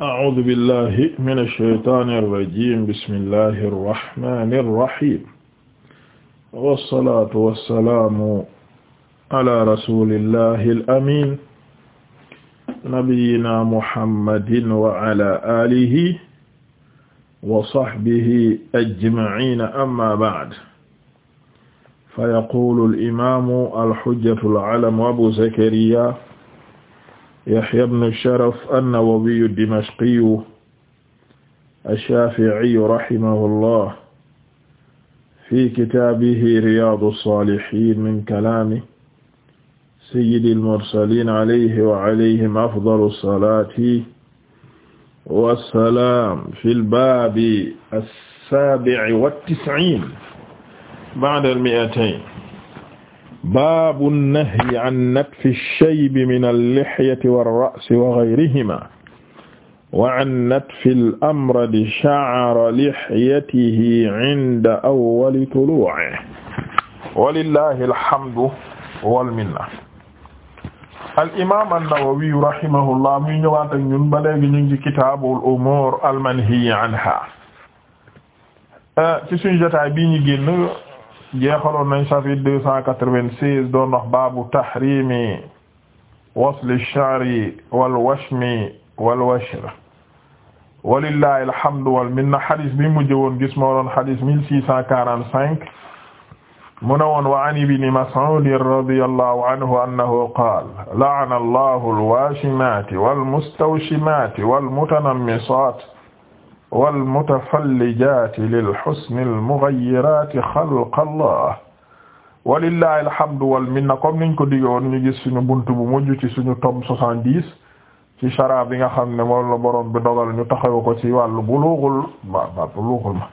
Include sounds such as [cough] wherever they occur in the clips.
a'uuzu billahi mina shaytaani rajiim bismillahi rahmaani rahiim wassalaatu wassalaamu ala rasuulillahi al-amiin nabiyyinaa muhammadin wa ala aalihi wa sahbihi ajma'iina amma ba'd fa yaquulu al-imaamu al-hujjatu al-'alam Abu Zakariyaa Yahya ibn Sharaf an-Nawawi ad-Dimashqi ash-Shafi'i rahimahullah fi kitaabihi Riyaadu s-Saalihiin min kalaami sayyidi l-mursaliin alayhi wa alayhim afdalu s-salaati wa s-salaam fi l-baabi as-saabi'i wa t-tis'iin ba'da l-mi'atayn baabu nahyi an natfi shaybi min al-lihyati war-ra'si wa ghayrihimaa wa an natfi al-amradi sha'ra lihyatihi 'inda awwali tuluu'ihi walillahi alhamdu wal minna. al-imaam an-Nawawi rahimahullah muy ñëwaat ak ñun ba léegi ñu ngi ci kitaabul umuur al-manhiyyi anhaa ci suñu jotaay bi ñu génn. jeexaloon nañ chapitre deux cent quatre-vingt-seize doon wax baabu tahrimi wasli ash-sha'ri wal washmi wal washr walillahi alhamdu wal minna xadis bi mu jëwoon gis moo doon xadis mille six cent quarante-cinq mu ne woon wa an ibni Mas'ud radiyallahu anhu annahu qaala la'ana allahu al-waashimaati wal mustawshimaati wal mutanammisaat walmutafallijaati lilxusni almugayyiraati xalqa allah walillahi alhamdu walminna comme niñ ko digoon ñu gis suñu bunt bu mujj ci suñu tome soixante-dix ci chara bi nga xam ne moom la borom bi dogal ñu taxaw ko ci wàllu bulughul ba ba bulughul ma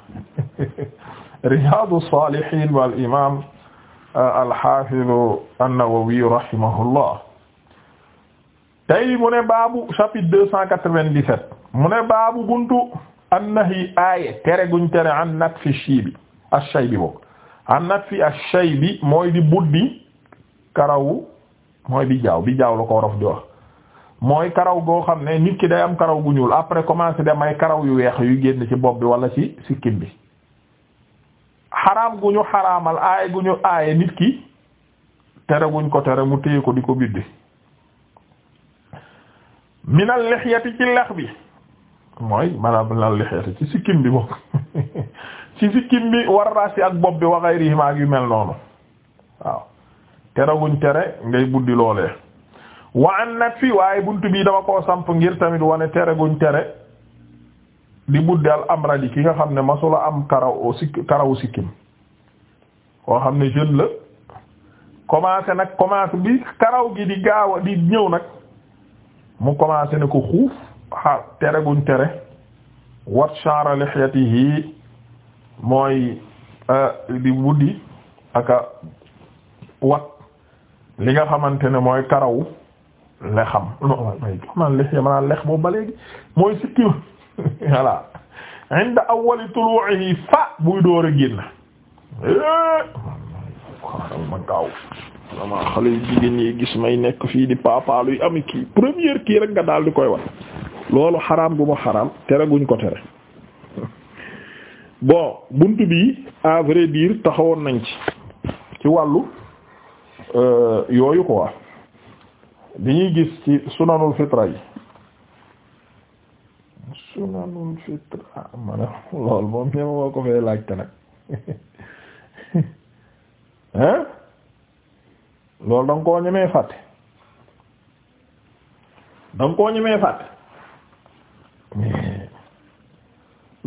[laughs] riyaadu saalihiin wal imaam uh, alxaafidu annawawi rahimahullah tey mu ne baabu chapitre deux cent quatre-vingt-dix-sept mu ne baabu buntu annahi aaye tere guñ tere an nat fi shiibi ash-shaybi boobu an nat fi ash-shaybi mooy di buddi karawu mooy bi jaaw bi jaaw la ko worof di wax mooy karaw goo xam ne nit ki day am karaw gu ñuul après commencé dem ay karaw yu weex yu génn ci bopp bi wala ci sikkim bi xaraam gu ñu xaraamal aaye gu ñu aaye nit ki tere guñ ko tere mu téye ko di ko biddi minal lixyati ci lex bi mooy maanaam lan li xeeti ci sikkim bi bokk [laughs] ci sikkim bi war rasi ak bopp bi wa ghayrihima ak yu mel noonu waaw teraguñ tere ngay buddi loolee wa an nat fi waaye buntu bii dama koo samp ngir tamit wane guñ tere di buddi al amradi ki nga xam ne masula am karaw sikk karawu sikkim koo xam ne jeune la commencé nag commencé bi karaw gi di gaaw a di ñëw nag mu commencé ne ko xuuf xar tere guñ tere wat sha'ra lihyatihi mooy eh, di buddi aka wat li nga xamante ne mooy karaw lexam non may man lix yamanaan lex boobu ba léegi mooy sikkim [laughs] voilà inda eh! ma gaaw vraiment xale yu jigéen yi gis may nekk fii di paapaluy am kii première kii rek nga daal di koy wax loolu xaraam gu mu xaraam tere guñ ko tere bon bunt bii à vrai dire taxawoon nañ ci ci wàllu euh, yooyu quoi bi ñuy gis ci sunanul fitra yi sunanul fitra ah, ma lool moom ñema ko fee laajte nag [laughs] hein loolu da nga koo ñemee fàtte da koo ñemee fàtte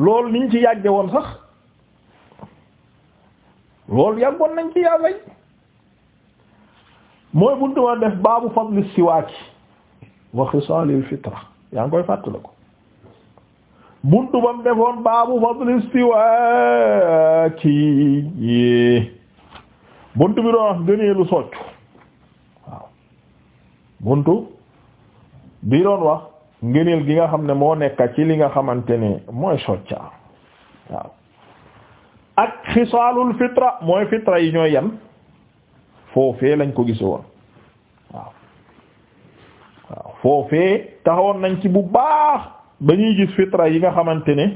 loolu niñ ci yàgge woon sax loolu yàggoon nañ ci yàggay mooy buntu woon def baabu fadli siwaaki wa xisaalil yaa ngi koy fàttali ko buntu bam defoon baabu fadli siwaaki buntu bi doon wax gëneelu soccu waaw buntu bi doon wax ngëneel gi nga xam ne moo nekk ci li nga xamante ni mooy socca waaw ak xisaalul fitra mooy fitra yi ñooy yan foofee lañ ko gis woon waaw waaw foofee taxawoon nañ ci bu baax ba ñuy gis fitra yi nga xamante ni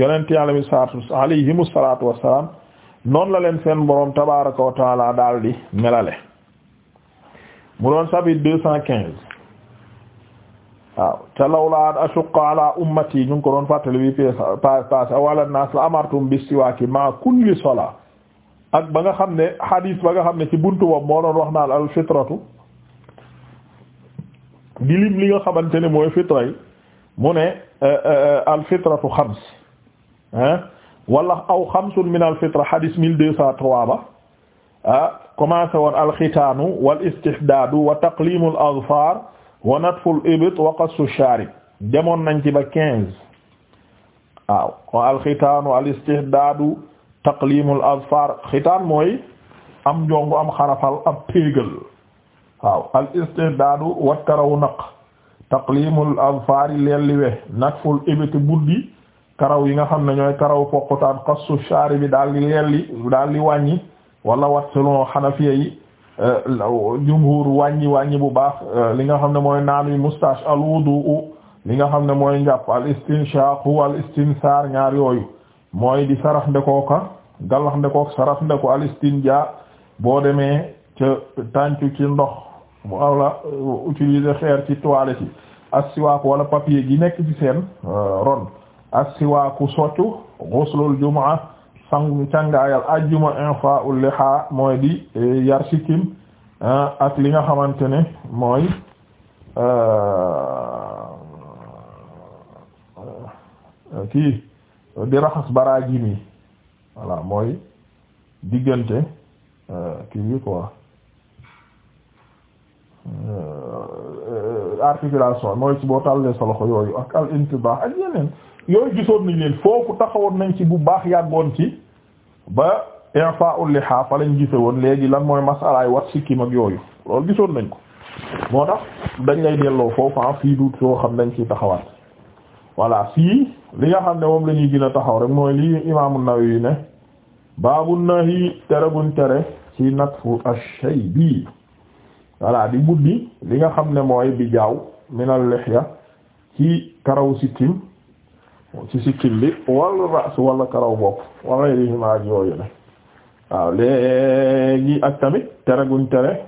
yonent yàlla mi saatu alayhimu salaatu wassalaam noonu la leen seen boroom tabaaraka wa taala daal di melale mu doon sabit deux cent waaw te lawla an ashuqqa ala ummati ñu ngi ko doon fàttali bi p passé awala nas la amartum bistiwaaki ma kulli sola ak ba nga xam ne hadith ba nga xam ne ci buntu boobu moo doon wax naan al fitratu di lim li nga xamante ne mooy fitra yi mu ne eh, eh, eh, al fitratu xams wala aw xamsun min al fitra hadith mille deux cent trois ba ah commencé woon al xitaanu wal istihdaadu wa taqlimu al azfar wa natful ibit wa qassu sharib demoon nañ ci ba quinze waaw kon alxitaanu al istihdaadu taqlimul azfar xitaan mooy am njongu am xarafal am péegal waaw al istihdaadu wat karawu naq taqlimul azfar lelli we natful ibit buddi karaw yi nga xam ne ñooy karaw poqutaan qassu sharib daal di lelli daal di wàññi wala wat selon xanafiya yi Euh, jumhur wàññi wàññi bu baax euh, li nga xam ne mooy naan wi moustache al wudu li nga xam ne mooy njàpp al istinshaq al istinsaar ñaar yooyu mooy di sarax ndekooka galax ndekook sarax ndeko al istinja boo demee ca tàncu ci ndox wala euh, utiliser xeer ci toilette yi assiwaaku wala papier gi nekk ci seen ron assiwaaku soccu ghuslul jumaa sangu cangaayal ajjuma infa ul liha mooy di e, yar sikkim ak li nga xamante ne mooy euh, euh, kii di raxas baraajim yi voilà mooy diggante euh, kii bi quoi mooy ci boo tàllee sa loxo yooyu ak al intibah ak yeneen yooyu gisoon nañ leen foofu taxawoon nañ ci bu baax yàgg woon ci ba i'fa'ul liha fa lañ gise woon léegi lan mooy masalaay wat sikkim ak yooyu loolu gisoon nañ ko moo tax dañ lay delloo foofu ah fii duut soo xam dañ ciy taxawaat voilà fii li nga xam ne moom la ñuy taxaw rek mooy lii imaamu Nawawi ne baabu nahi tere buñ tere ci natfu ash-shaybi voilà di buddi li nga xam ne mooy bi jaaw minal ya ci karaw sikkim ci sikkim bi wala ras wala karaw bopp wala yérihima ak yooyu ne waaw léegi ak tamit tere guñ tere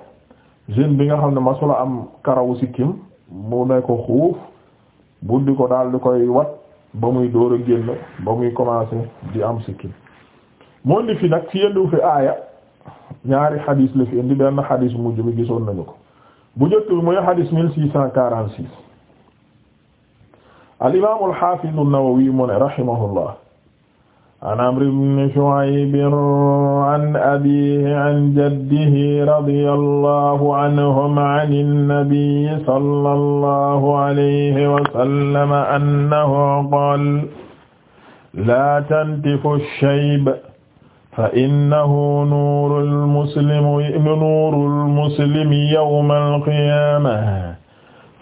jeune bi nga xam ne ma masula am karawu sikkim mu ne ko xuuf buddi ko daal di koy wat ba muy door a génn ba muy commencé di am sikkim moo indi fi nag ci yendu fi aaya ñaari xadiis la fi indi benn xadiis mu bi gisoon nañu ko bu njëkk bi mooy xadiis mille six cent quarante six al-imaam al-haafiz an-Nawawi mu ne rahimahullah an Amr ibn Shu'ayb an abiihi an jaddihi radiyallahu anhum ani n-nabiyyi sallallahu alayhi wa sallam annahu qaala laa tantifu ash-shayb fa innahu nuurul muslimi nuurul muslimi yawma al-qiyaamah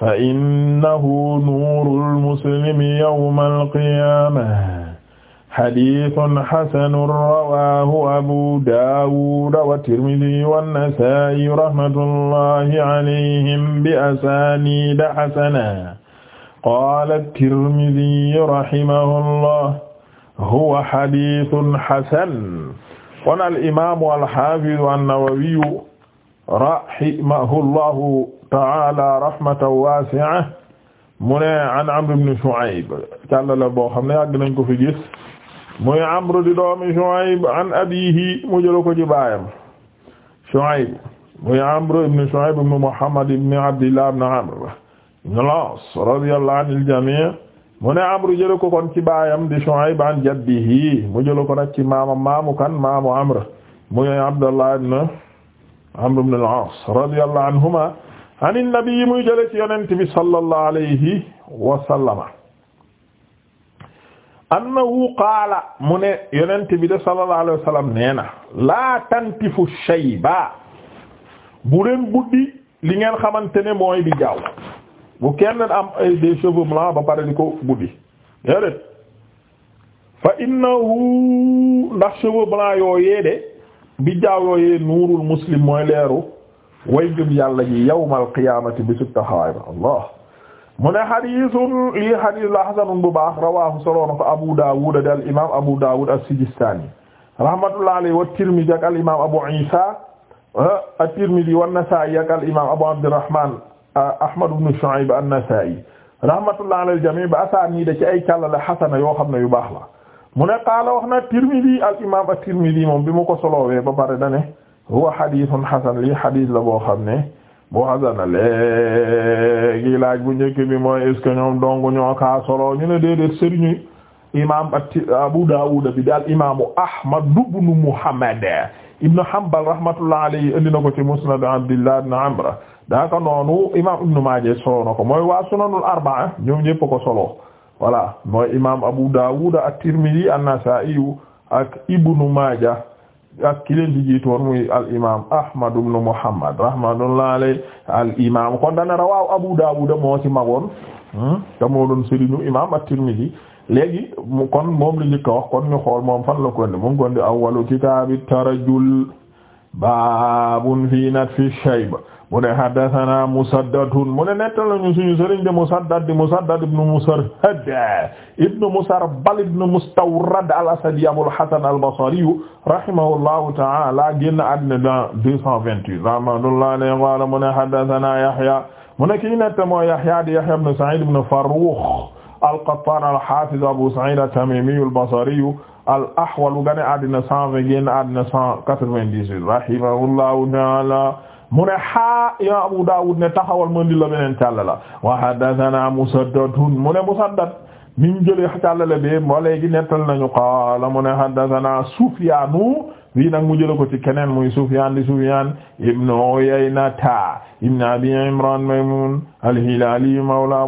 fa innahu nuurul muslimi yawmal qiyaamah hadiisun hasanun rawaahu abu daawuda wa tirmidhi wannasaa'i rahmatullahi alayhim bi asaaniida hasana qaala tirmidhi rahimahullah huwa hadiisun hasan qaala al imaamu al haafidu an-nawawiyu rahimahullahu taala rahmatan wasi'a mu ne an Amr ibn Shu'ayb càllala boo xam ne yàgg nañ ko fi gis muy Amr di doomi Shu'ayb an abiihi mu jëla ko ci baayam Shu'ayb muy Amr ibn Shu'ayb ibn Muhammad ibn Abdillah ibn Amr ibn al-As radiyallahu anil jami' mu ne Amr jëla ko kon ci baayam di Shu'ayb an jaddihi mu jëla ko nag ci maamam maamu kan maamu Amr muy Abdallah ibn Amr ibn al-As radiyallahu anhuma ani nabi muy jële ci yonent bi sallallahu alayhi wa sallama annahu qaala mu ne yonent bi de sallallahu alayhi wa nee na laa tantifu shayba bu leen buddi li ngeen xamante ne mooy di bu kenn am ay des cheveux blancs ba pare di ko buddi déedéet fa innahu ndax cheveux blancs yooyee de di yooyee nuurul muslim mooy leeru way ngëm yàlla ji yawmal qiyaamati bi sub taxawaay ba allah mu ne xadiisun lii xadiis la xasanun bu baax rawaahu soloona ko Abu Daawud de al imaam Abu Daawud as-Sijistaani rahmatullahi alayhi wa Tirmidi ak al imaam Abu Iisa ah, at-Tirmidi wa an-Nasaa'i ak al imaam Abu Abdirrahmaan ah, Ahmad ibn Shu'ayb an-Nasaa'i rahmatullahi alal jamii ba asaani da ci ay càllale xasana yoo xam ne yu baax la mu ne qaala wax na Tirmidi al imaam at-Tirmidi moom bi mu ko solowee ba pare da ne huwa xadiisun xasan lii xadiis la boo xam ne boo xasana léegi laaj bu njëkk bi mooy est ce que ñoom dong ñoo kaa solo ñu ne déedéet sëriñu imaam ati Abu Daawuda bi daal imaamu Ahmad ibnu Muhammad ibnu Hanbal rahmatullah alayhi indi na ko ci Musnad Abdillah ibn Amr daaka noonu imaam Ibnu Maaja solo na ko mooy waa sunanul arbaa ñoom ñëpp ko solo voilà mooy imaam Abu Daawuda at-Tirmidhi an-Nasaa'i ak Ibnu Maaja ak ki leen di jiitoon muy al imaam Ahmad ibn Muhammad rahmatullahi alayhi al imaam kon dana rawaaw Abu Dawud moo ci magoon hmm, te moo doon sëriñu imaam at-Tirmidhi léegi kon moom la wax kon ñu xool moom fan la ko indi mu ngi ko indi awwalu kitaabit tarajjul baabun fii natfi shayba mu ne haddathana musaddatun mu ne netta lañu suñu sëriñ de musaddad di musaddad ibnu musarhad ibnu musarbal ibnu mustawrad al-asadi abul hasan al-basri rahimahullahu ta'ala génn àddina dans deux cent vingt-huit rahmatullah alayhi qala mu ne haddathana yahya mu ne kii netta moo yahya di yahya ibnu sa'id ibnu farrukh al-qattan al-hafiz abu sa'id at-tamimi al-basri al-ahwal gane àddina cent vingt génn àddina cent quatre-vingt-dix-huit rahimahullahu ta'ala mu ne xaa ya Abu Dawud ne taxawal ma di la beneen càllala wa haddathana Musaddadun mu ne Musaddad min jële càllale bi moo léegi nettal nañu qaala mu ne haddathana Sufyaanu wi nag mu jële ko ci keneen muy Sufyaan di Sufyaan ibn Uyaynata ibn Abi Imran Maymun al-Hilaali mawla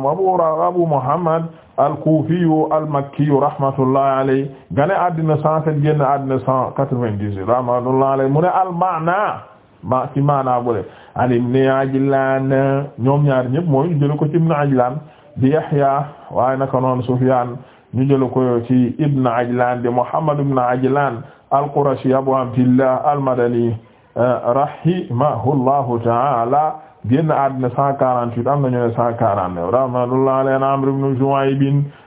Abu Muhammad al-Kuufiyu al-Makkiyu rahmatullahi alayhi gane addina cent sept génn addina cent quatre-vingt-dix rahmatullahi alayhi mu ne al-ma'na ma ci maanaa bole an ibni Ajlan ñoom ñaar ñëpp mooy ñu jële ko ci ibn Ajlan di Yahya waaye naka noonu Sufyan ñu jële ko ci ibn Ajlan di Muhammad ibn Ajlan al-Qurashi Abu Abdillah al-Madani rahimahullahu ta'ala génn àddina 148 am nañu ne 149 rahmatullahi alayhi Amr ibn Shu'ayb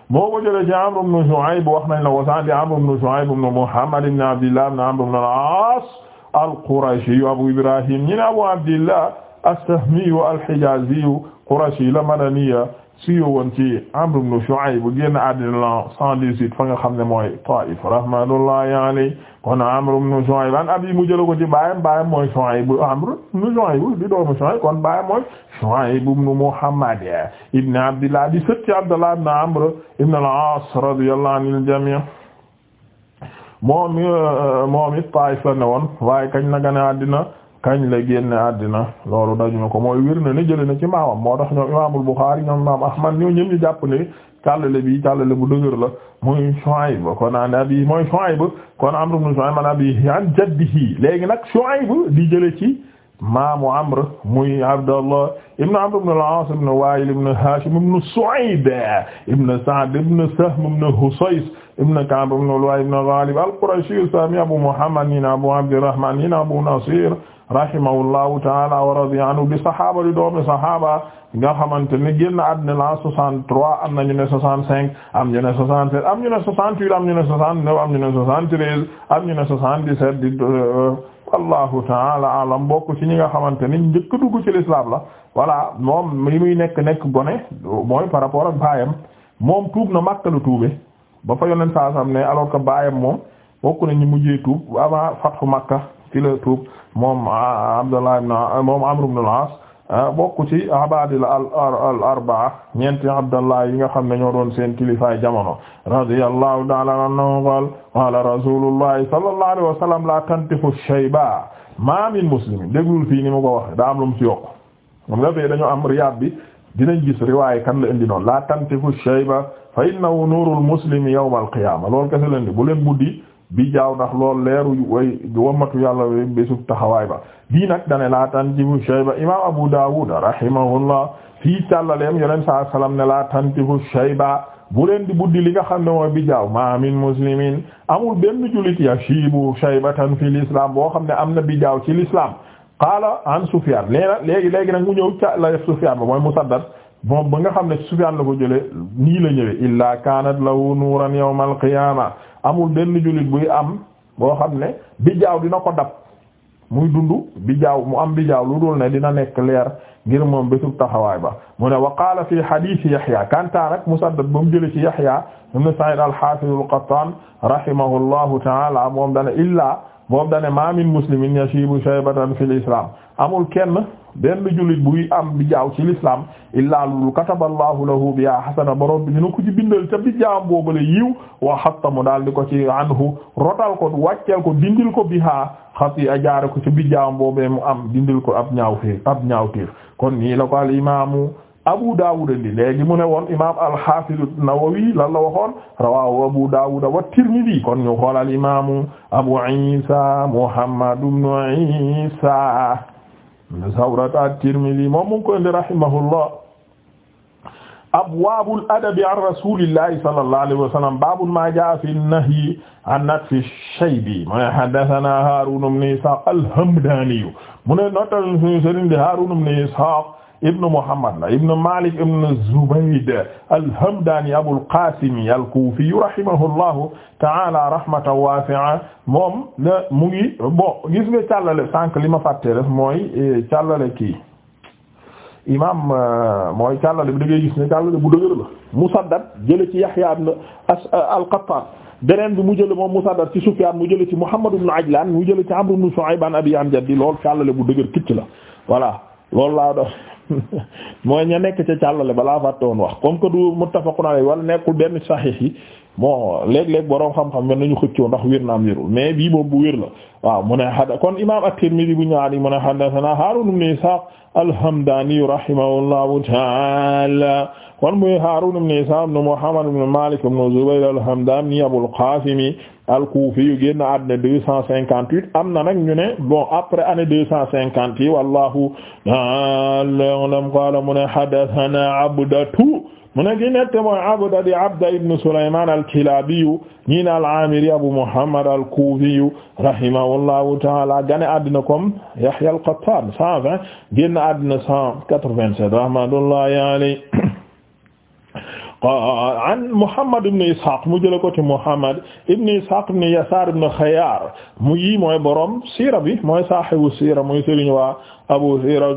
moo ko jëlee ci Amr ibn Shu'ayb wax nañ la wasan di Amr ibn Shu'ayb ibn Muhammad ibn Abdillah ibn Amr ibn al-As al-Qurashi Abu Ibrahim ñi ne Abu Abdillah as-Sahmi al-Hijazi Qurashi la madaniya siiw woon ci Amr ibn Shu'ayb bu génn àddina la 118 fa nga xam ne mooy Taif rahmatullahi alayhi kon Amr ibn Shu'ayb an abi mu jël ko ci baayam baayam mooy Shu'ayb Amr ibn Shu'ayb di doomu Shu'ayb kon baayam mooy Shu'ayb ibn Muhammad ibn Abdillah di sët ci Abdullah ibn Amr ibn al-As radiyallahu anil jami' moom euh, moom it Taif la ne woon waaye kañ la gane àddina kañ la génne àddina loolu dañu ko mooy wir na ni jëlee na ci maamam moo tax ñoom imaamul Buxaari ñoom imaam Ahmad ñoo ñëm ñu jàpp ne càllale bi càllale bu dëgër la muy Shuayb kon an abi mooy ba kon Amr ibn Shuayb an abi an jaddihi léegi nag Shuayb di jële ci maamu Amr muy Abdallah ibn Amr ibn al-As ibn Wa'il ibn Hashim ibn Su'ayb ibn Sa'd ibn Sahm ibn Husays ibn Ka'b ibn Lu'ay ibn Ghalib al-Qurashi sami Abu Muhammad ñi na Abu Abdirrahman ñi na Abu Nasir rahimahullahu ta'ala wa radiya anhu bi sahaaba di doomi sahaaba nga xamante ne génn àddina la 63 am nañu ne 65 am ñu ne 67 am ñu ne 68 am ñu ne 69 am ñu ne 73 am ñu ne 77 wallahu taala alam bokk ci ñi nga xamante ni njëkk dugg ci l'islam la voilà moom li muy nekk nekk gone mooy par rapport ak baayam moom tuub na Makka lu tuube ba fa yoneen saa sam ne alors que baayam moom bokk na ñu mujjee tuub avant fathu Makka ci la tuub moom Abdullah ibn moom Amr ibn al-As Ah bokk ci abadila al arbaa ñeenti abdallah yi nga xam ne ñoo doon seen kilifaay jamono radiyallahu ta'ala anhu qaal qaala rasulullahi sallallahu alayhi wa sallam la tantifu shayba ma min muslimin déglul fii ni mu ko wax da am lu mu ci yokk moom nga fee dañoo am riyaad bi dinañ gis riwaay kan la indi noonu la tantifu shayba fa innahu nuurul muslimi yawmal qiyaama loolu kese la indi bu leen buddi bi jaaw ndax lool leeru way wammatu yàlla way bésub taxawaay ba bii nag dane laa tantifu shayba imam abu dawud rahimahullah fii càllaleem yonen saa salam ne laa tantifu shayba bu leen di buddi li nga xam ne mooy bi jaaw ma min muslimin amul benn julit yashibu shaybatan fi l'islam boo xam ne am na bi jaaw ci l'islam qaala an sufyan leena léegi léegi nag mu ñëw ca la sufyan ba mooy musaddad moom ba nga xam ne sufyan la ko jële nii la ñëwee illa kanat lahu nuran yawm amul benn jullit buy am boo xam ne bijaaw dina ko dab muy dund bijaaw mu am bijaaw lu dul ne dina nekk leer ngir moom bésub taxawaay ba mu ne wa qaala fi hadith Yahya kanta nag Musaddad bu mu jëlee ci Yahya ibn Sa'id al-Hafiz al-Qattan rahimahullahu ta'ala moom dana illa moom dana ma min muslimin yashibu shaybatan fil islam amul kenn benn jullit buy am bi jaaw ci l'islam illa lu kataballahu lahu biha hasana borom bi dina ko ci bindal te bi jaawam boobale yiw wa mu daal di ko ci anhu rotal ko wàcceel ko dindil ko bi xat yi a jaare ko ci bi jaawam boobee mu am dindil ko ab ñaaw ñaaw tiir kon nii la ko al imaamu Abu Dawud ndi léegi mu ne woon imaam al-Hafiz an-Nawawi lan la waxoon rawahu Abu Dawud wa Tirmidhi kon ñu xool al imaamu Abu Isa Muhammad ibn Isa Sawrat at-Tirmidhi moom mu ngi koy indi rahimahullah abwaabul adabi an rasulillahi sallallahu alayhi wa sallam baabun maa jaa'a fi nahyi an natfi shaybi mu ne haddathana Haarun ibn Isaaq al-Hamdaani mu ne notal suñu sëriñ di Haarun ibn Ishaaq ibnu Muhammad la ibnu Malik ibnu Zubayd al-Hamdani Abul Qasim al-Kufi rahimahullahu ta'ala rahmatan wasi'a moom la mu ngi bon gis nga càllale sànq li ma fàttee def mooy eh, càllale kii imam eh, mooy càllale bi da ngay gis ne càllale bu dëgër la Musaddad jële ci Yahya ibn eh, al-Qattan beneen bi mu jële moom Musaddad ci Sufyaan mu jële ci Muhammad ibn Ajlaan mu jële ci Amr ibn Shu'ayb an abi an jaddi loolu càllale bu dëgër kicc la voilà loolu laa doon [laughs] moo ña nekk ca càllale balaa fàtte woon wax comme que du muttafaqun alayhi wala nekkul benn saxiix yi bon léeg-léeg boroom xam-xam mën nañu xëccoo ndax wér naam wérul mais bii moom bu wér la waaw mu ne xada kon imam at bu ñëwaat yi mu ne xadathana Haarun ibn Ishaaq al-Hamdaani kon muy Haarun ibn Isaam ibn Muhammad ibn Maalik ibn Zubayr al-Hamdaani Abul Qaasim al-Kuufi yu génn àddina deux cent cinquante huit am na nag ñu ne bon après année deux cent cinquante yi wallaahu a'lam qaala mu ne haddathanaa Abdatu mu ne ki nette mooy Abda di Abda ibn Sulaymaan al-Kilaabiyu ñii na al-Aamiri Abu Muhammad al-Kuufiyu rahimahullahu ta'aala gane àddina comme Yahya al-Qattaan cent vingt génn àddina cent quatre-vingt-sept rahmatullahi alayhi an Muhammad ibn Ishaq mu jële ko ci Muhammad ibn Ishaq ibn Yasar ibn Khayyar mu yi mooy borom siira bi mooy saahibu siira muy sëriñ waa Abu siira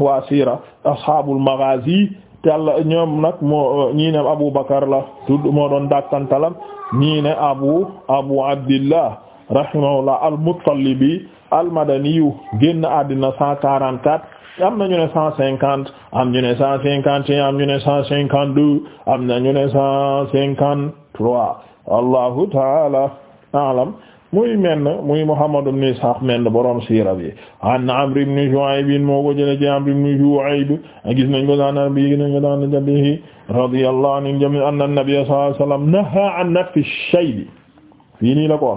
waa siira ashaabul maghazi yàlla ñoom nag moo ñii ne Abu Bakar la tudd moo doon dàkkantalam ñii ne Abu Abu Abdillah rahimahullah al-Muttalibi al-Madaniyu génn àddina 144 am na ñu ne cent cinquante am ñu ne cent cinquante et un am ñu ne cent cinquante deux am na ñu ne cent cinquante trois allahu taala alam muy menn muy Muhammad ibn Ishaq menn borom siira bi an Amr ibn Shu'ayb moo ko jëlee ci Amr ibn Shu'ayb gis nañ ko daan bi gis nañ ko daan jabihi radiyallahu anhu jami anna nabiyya sallallahu alayhi wasallam naha an nafsi shaybi fii nii la ko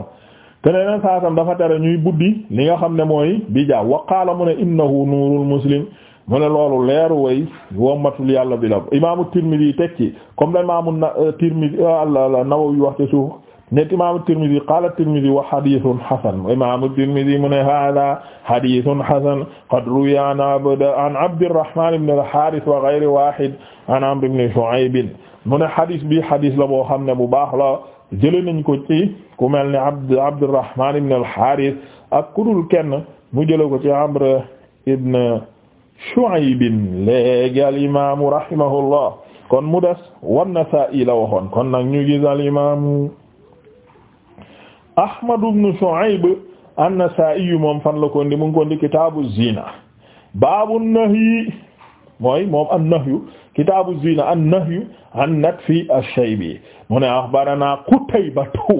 keneen saasam dafa tere ñuy buddi li nga xam ne mooy bija waqaala mu ne innahu nuurul muslim mu ne loolu leeru way wommatul yàlla bi la imaamu Tirmidi teg ci comme la imaamu euh, Tirmidi euh, Nawawi wax ci suuf ne imaamu Tirmidi qaala Tirmidi wa hadithun hasan imaamu Tirmidi mu ne haaza hadithun hasan qad ruwiya an Abdirrahmaan ibn al-Haaris wa ghayri waahid an Amr ibn Shu'ayb mu ne hadith bi hadith la boo xam ne bu baax la jëlee nañ ko ci ku mel ni Abd Abdurrahman ibn al-Harith ak kudul kenn mu jëlee ko ci Amr ibn Shu'ayb léegi al-imaamu rahimahullah kon mu des wan-Nasaa'i la waxoon kon nag ñu gis al-imaamu Ahmad ibn Shu'ayb an-Nasaa'i moom fan la ko ndi mu ngi ko ndi kitaabu zina baabu nahyi mooy moom an-nahyu kitaabu zina an-nahyu an nakfi ash-shaybi mu ne akhbarana Qutaybatu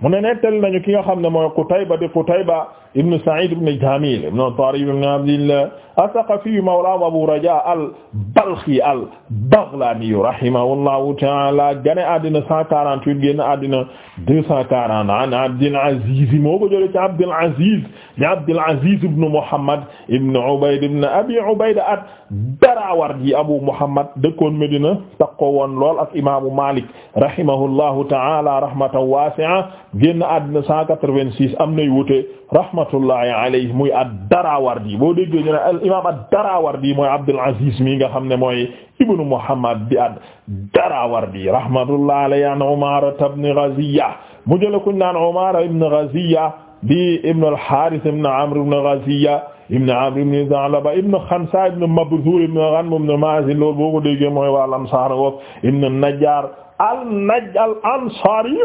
mu ne nettali nañu ki nga xam ne mooy Qutayba di Qutayba ibn Sa'id ibn Jamil ibn Tarif ibn Abdillah as-Saqafi mawla Abu Raja al-Balkhi al-Baghlani rahimahullahu ta'ala gane àddina 148 génn àddina 240 an Abdul Aziz moo ko jëlee ci Abdul Aziz di Abdul Aziz ibn Muhammad ibn Ubayd ibn Abi Ubayda ad-Darawardi Abu Muhammad dëkkoon Medina takko woon lool ak imaamu Malik rahimahullahu ta'ala rahmatan wasi'a génn àddina 186 am nay wute rahmatullahi alayhi muy ad-Darawardi boo déggee ñu ne al imaam ad-Darawardi mooy Abdul Aziz mi nga xam ne mooy ibnu Muhammad bi ad-Darawardi rahmatullahi alayhi an Umara ibn Ghaziya mu jël ku ñu naan Umara ibn Ghaziya bi ibn al-Harith ibn Amr ibn Ghaziya ibn Amr ibn Zalaba ibn Khansa ibn Mabzur ibn Ghanm ibn Mazin loolu boo ko déggee mooy wal Ansar wa ibn Najjar al-Naj al-Ansari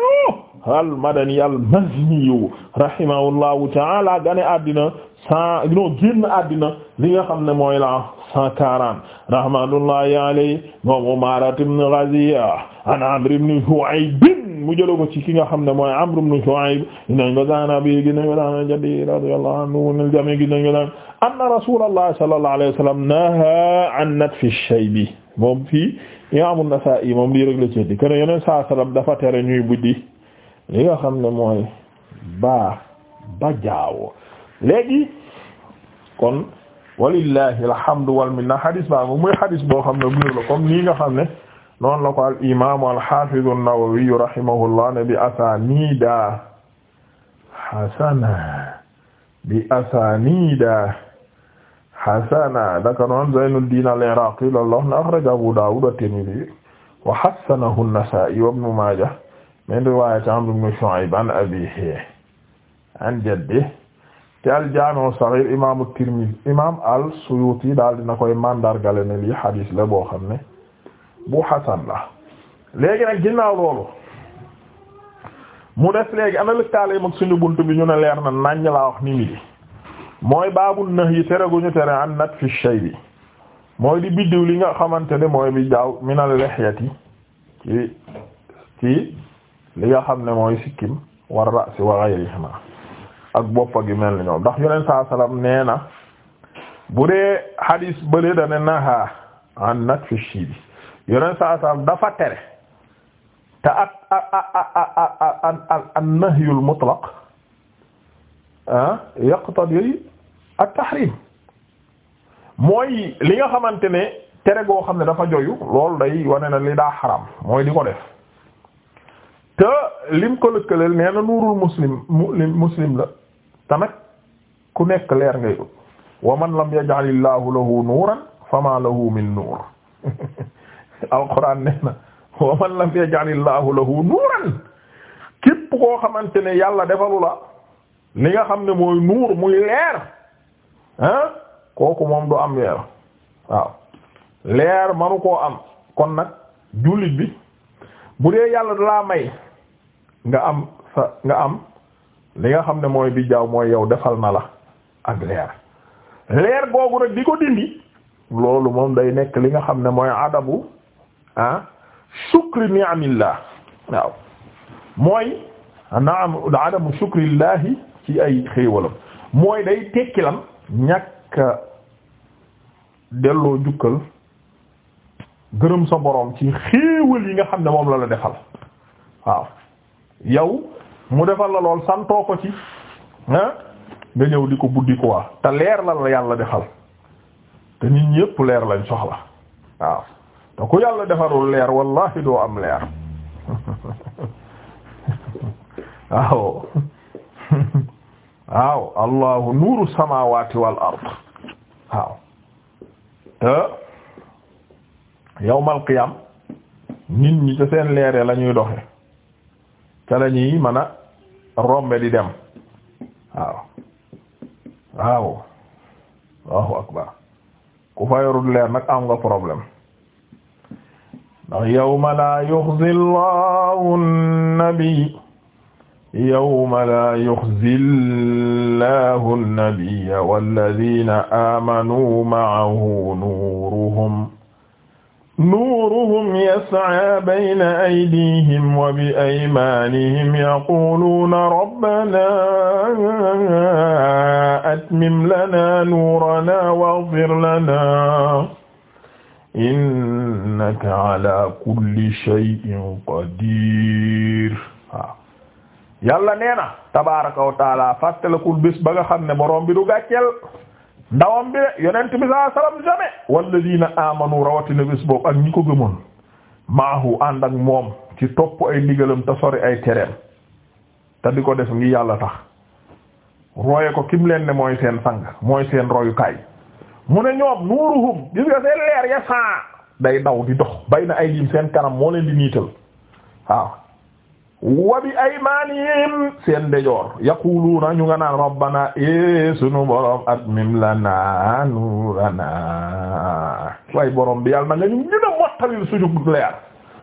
al-Madani al-Mazni rahimahullahu ta'ala gane àddina cent non génn àddina li nga xam ne mooy la cent quarante rahmatullahi alayhi moom Umaara ibn Ghaziya an Amr ibn Hu'ayb mu jëlo ko ci ki nga xam ne mooy Amr ibn Shu'ayb nañ ko daana bi gi nañ ko daana jadi radiyallahu anhu nel jami gi nañ ko daan anna Rasulullah sallallahu alayhi wa sallam naha an natfi shaybi moom fii Imam An-Nasa'i moom lii rek la ci di kene yeneen saa sallam dafa tere ñuy buddi li nga xam ne mooy baa ba jaawo léegi kon walillahi alhamdu wal minna hadis baa moom mooy hadis boo xam ne bu la comme nii nga xam ne noonu la ko al imaamu al xaafizu an-Nawawi rahimahullah ne bi asaaniida xasana bi asaaniida xasana daka noon Zaynuddiin al-Iraaqi loolu la axraja Abu Daawuud at-Tirmidhi wa hassanahu an-Nasaa'i wa Ibnu Maajah min riwaayati Amr ibn Shu'ayb an abiihi an jaddihi te al-Jaami' as-Saghiir imaam at-Tirmidhi imaam al-Suyuuti daal dina koy mandargale ne lii xadiis la boo xam ne bu hasan la léegi nag ginnaaw loolu mu des léegi ana lëkkaale mag suñu bunt bi ñu ne leer na naññ laa wax ni mi di mooy baabul nëx yi tere gu ñu tere an nat fi shay bi mooy di biddiw li nga xamante ni mooy bi jaaw na lexyati ci ci li nga xam ne mooy sikkim war rasi wa ghayrihima ak boppa gi mel ni ñoom ndax yoneen saa salaam nee na bu dee hadis bële dane naha an nat fi shay bi yonent saa saa dafa tere te a an nahyul mutlaq ah yaqtadi at tahrim mooy li nga xamante ne tere goo xam ne dafa joyu lool day wane na li daa xaram mooy di ko def te lim ko lëkkaleel nee na nuurul muslim muslim la te nag ku nekk leer ngay ut wa man lam yaj'alillaahu lahu nuuran famaa lahu min nuur alquran nee na wa man lam yaj'alillahu lahu nuuran képp koo xamante ne yàlla defalu la li nga xam ne mooy nuur muy leer ah kooku moom du am leer waaw leer manu koo am kon nag jullit bi bu dee yàlla laa may nga am sa nga am li nga xam ne mooy bi jaaw mooy yow defal na la ak leer leer googu nag di ko dindi loolu moom day nekk li nga xam ne mooy adabu ah shukri ni'amillah waaw mooy naam adamu shukrillahi ci ay xéewalam mooy day tekkilam ñàkka delloo jukkal gërëm sa boroom ci xéewal yi nga xam ne moom la la defal waaw yow mu defal la lool santoo ko ci ah, nga ñëw di ko buddi quoi te leer la la yàlla defal te nit ñépp leer lañ soxla waaw te ku yàlla defarul leer wallahi doo am leer waaw waaw allahu nuuru samawati wal ard waaw te yawmal qiyam nit ñi ca seen leere lañuy ñuy doxe ca la ñuy mën a rombe di dem waaw waaw allahu akbar ku fa leer nag am nga problème ndax yawma laa yuxzi llahu nabi yawma laa yuxzi llahu nabiya walladina aamanu maahu nuuruhum nuuruhum yas'aa bayna aydiihim wa bi aymaanihim yaquuluuna rabbanaa atmim lanaa nuuranaa waghfir lanaa innaka ala kulli shay'in qadir waaw yàlla nee na tabaraka wa taala fàttalakul bis ba nga xam ne borom bi du gàcceel ndawam bi de yonent bi saa salaam jamais walladina amanu rawatina bis boobu ak ñi ko gëmoon maahu ànd moom ci topp ay ndigalam te sori ay tereem te di ko def ngi yàlla tax roye ko kim leen ne mooy seen sang mooy seen royukaay mu ne ñoom nuuruhum gis nga seen leer ya saa day daw di dox bay na ay lim seen kanam moo leen di niital waaw wa bi aymanihim seen ndejoor yaquluuna ñu nga naan rabbana e sunu borom atmim lana nuurana way borom bi yàlla na nga ñu gën a mottawil suñu leer